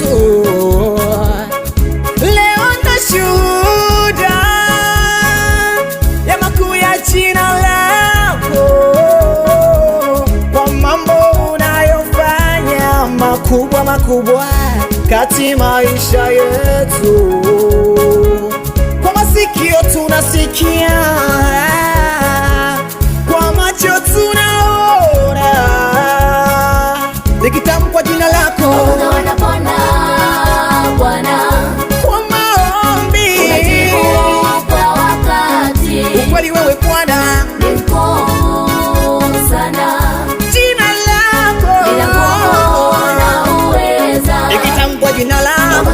Yesu. Leo ya makuu ya jina lako, kwa mambo unayofanya makubwa makubwa kati maisha yetu jina lako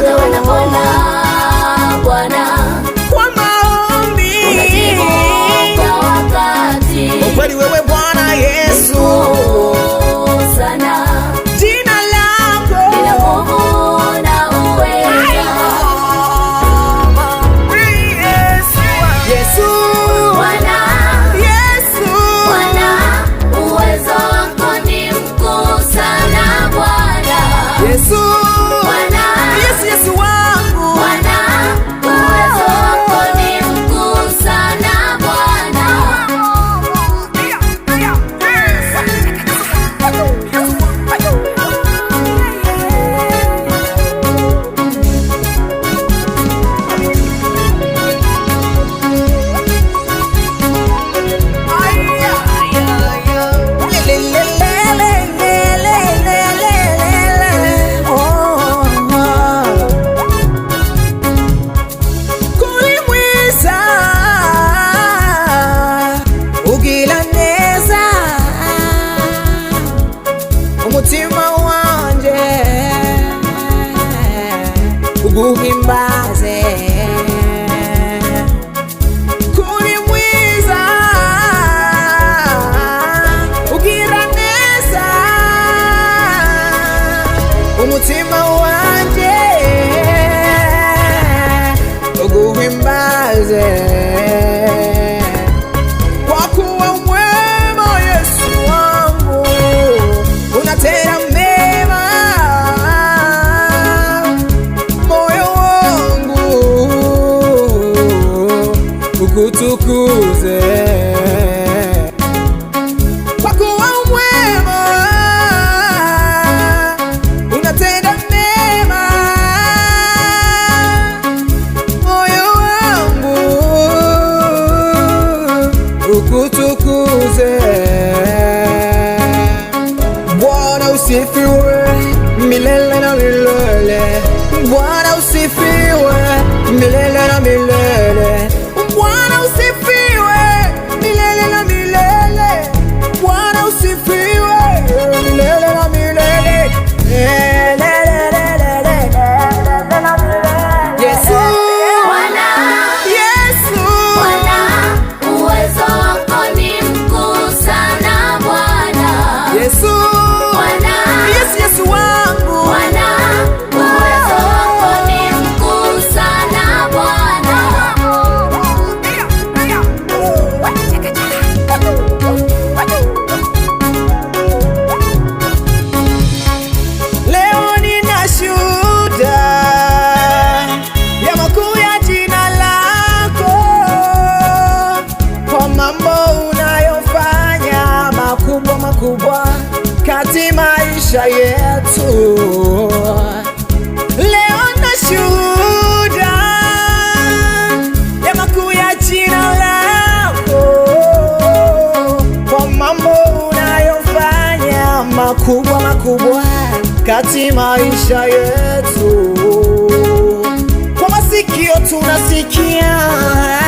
mbaze kuri mwiza ugira neza umutima wanje uguhimbaze Mungu kwa kuwa mwema, unatenda mema, moyo wangu ukutukuze. Bwana usifiwe milele na milele, Bwana usifiwe milele na milele. maisha yetu. Leo na shuhuda ya makuu ya jina lako, kwa mambo unayofanya makubwa makubwa kati maisha yetu. Kwa masikio tunasikia